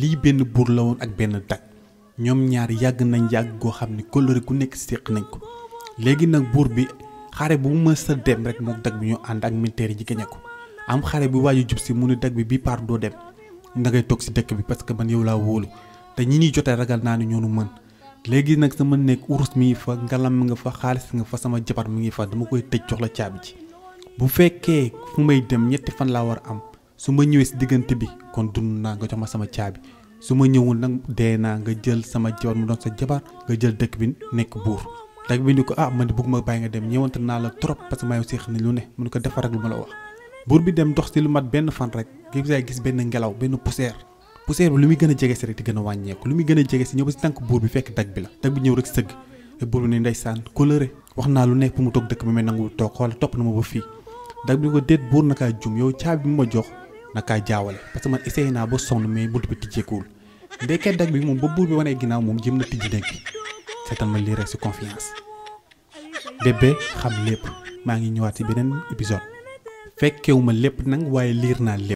lii benn buur la woon ak benn dag ñoom ñaari yàgg nañ yàgg goo xam ne kóllëre ku nekk séq nañ ko léegi nag buur bi xare bu mu mës a dem rek moom dag bi ñu ànd ak militaire yi gañe ko am xare bi waaju jub si mu ne dag bi bi par doo dem da ngay toog si dëkk bi parce que man yow laa wóolu te ñi ñuy jotee ragal naa ne ñoonu mën léegi nag sama nekk urus mi ngi fa ngalam nga fa xaalis nga fa sama jabar mi ngi fa dama koy tëj jox la caabi ji bu fan laa war am su ma ñëwee si diggante bi kon dund naa nga jox ma sama caabi su ma ñëwul nag dee naa nga jël sama jabar mu doon sa jabar nga jël dëkk bi nekk buur dëkk bi ni ko ah man de bëgguma bàyyi nga dem ñëwante naa la trop parce que maa ngi ne lu ne ko defar ak lu ma la wax. buur bi dem dox si lu mat benn fan rek gis nga gis benn ngelaw benn poussière poussière bi lu muy a jege si rek a wàññeeku lu muy gën a jege si ñëw ba si tànk fekk dëkk bi la dëkk bi rek sëgg te buur bi ne ndeysaan wax naa lu nekk mu toog dëkk bi may nangu toog xool topp na ma fii dëkk bi ko déet buur nakaa jum yow caabi bi ma jox nakaa jaawale parce que man essayé naa ba sonn mais bunt bi tijjeekuwul ndeket dag bi moom ba buur bi wanee ginnaaw moom jëm na tijji nekk bi seetal ma lii rek si confiance xam lépp maa ngi ñëwaat si beneen épisode fekkewuma lépp nag waaye liir naa lépp